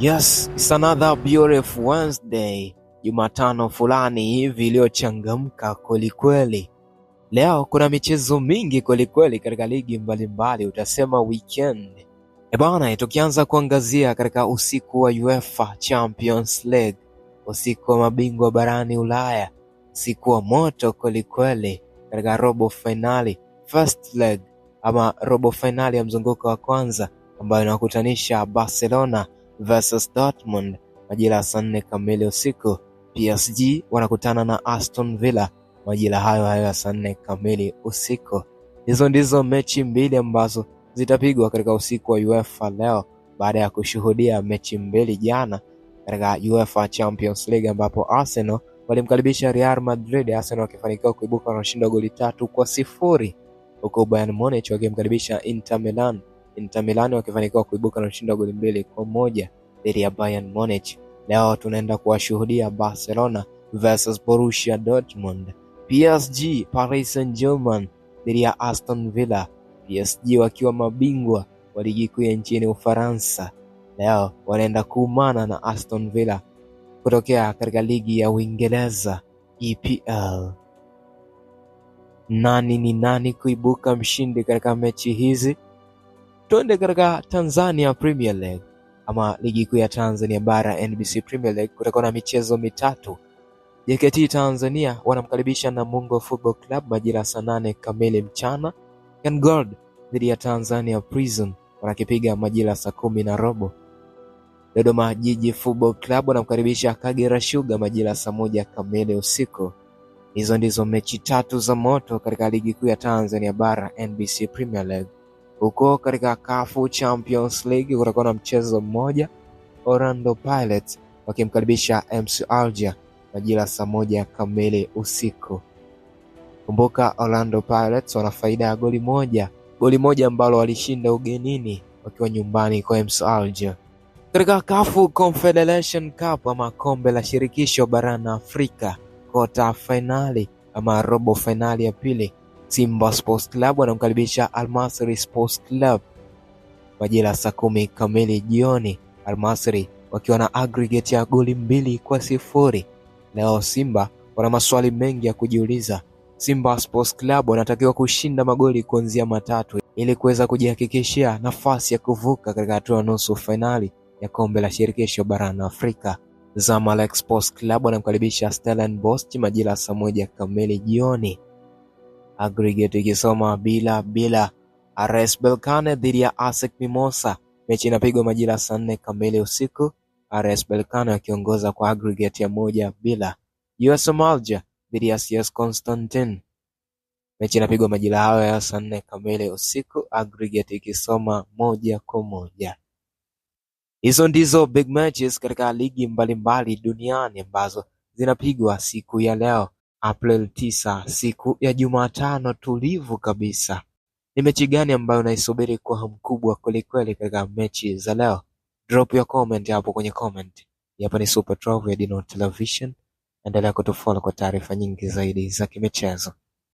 Yes, it's another beautiful Wednesday, Jumatano fulani hivi iliyochangamka kwelikweli. Leo kuna michezo mingi kwelikweli katika ligi mbalimbali, utasema weekend. Ebana, tukianza kuangazia katika usiku wa UEFA Champions League, usiku wa mabingwa barani Ulaya, usiku wa moto kwelikweli katika robo fainali first leg ama robo fainali ya mzunguko wa kwanza ambayo inakutanisha Barcelona versus Dortmund majira ya saa nne kamili usiku. PSG wanakutana na Aston Villa majira hayo hayo ya saa nne kamili usiku. Hizo ndizo mechi mbili ambazo zitapigwa katika usiku wa UEFA leo baada ya kushuhudia mechi mbili jana katika UEFA Champions League ambapo Arsenal walimkaribisha Real Madrid, Arsenal wakifanikiwa kuibuka na ushindi wa goli tatu kwa sifuri huku Bayern Munich wakimkaribisha Inter Milan Inter Milan wakifanikiwa kuibuka na ushindi wa goli mbili kwa moja dhidi ya Bayern Munich. Leo tunaenda kuwashuhudia Barcelona versus Borussia Dortmund, PSG Paris Saint-Germain dhidi ya Aston Villa, PSG wakiwa mabingwa wa ligi kuu ya nchini Ufaransa. Leo wanaenda kuumana na Aston Villa kutokea katika ligi ya Uingereza EPL. Nani ni nani kuibuka mshindi katika mechi hizi? Tuende katika Tanzania Premier League ama ligi kuu ya Tanzania bara NBC Premier League, kutakuwa na michezo mitatu. JKT Tanzania wanamkaribisha Namungo Football Club majira saa nane kamili mchana. gold dhidi ya Tanzania Prison wanakipiga majira saa kumi na robo. Dodoma Jiji Football Club wanamkaribisha Kagera Sugar majira saa moja kamili usiku. Hizo ndizo mechi tatu za moto katika ligi kuu ya Tanzania bara NBC Premier League. Huko katika kafu Champions League kutakuwa na mchezo mmoja, Orlando Pirates wakimkaribisha MC Alger majira saa moja kamili usiku. Kumbuka Orlando Pirates wana faida ya goli moja, goli moja ambalo walishinda ugenini wakiwa nyumbani kwa MC Alger. Katika kafu Confederation Cup ama kombe la shirikisho barani Afrika, kota fainali ama robo fainali ya pili Simba Sports Club wanamkaribisha Almasri Sports Club majira saa kumi kamili jioni. Almasri wakiwa na aggregate ya goli mbili kwa sifuri. Leo Simba wana maswali mengi ya kujiuliza. Simba Sports Club wanatakiwa kushinda magoli kuanzia matatu ili kuweza kujihakikishia nafasi ya kuvuka katika hatua ya nusu fainali ya kombe la shirikisho barani Afrika. Zamalek Sports Club wanamkaribisha Stellenbosch majira saa moja kamili jioni aggregate ikisoma bila bila RS Belkane dhidi ya ASEC Mimosa. Mechi inapigwa majira saa nne kamili usiku, RS Belkane akiongoza kwa aggregate ya moja bila. USM Alger dhidi ya CS Constantine. Mechi inapigwa majira hayo ya saa nne kamili usiku, aggregate ikisoma moja kwa moja. Hizo ndizo big matches katika ligi mbalimbali mbali duniani ambazo zinapigwa siku ya leo april 9 siku ya Jumatano tulivu kabisa ni mechi gani ambayo unaisubiri kwa hamu kubwa kwelikweli katika mechi za leo? Drop your comment hapo kwenye comment. Hapa ni Super 12 ya Dino Television, endelea kutufollow kwa taarifa nyingi zaidi za kimichezo.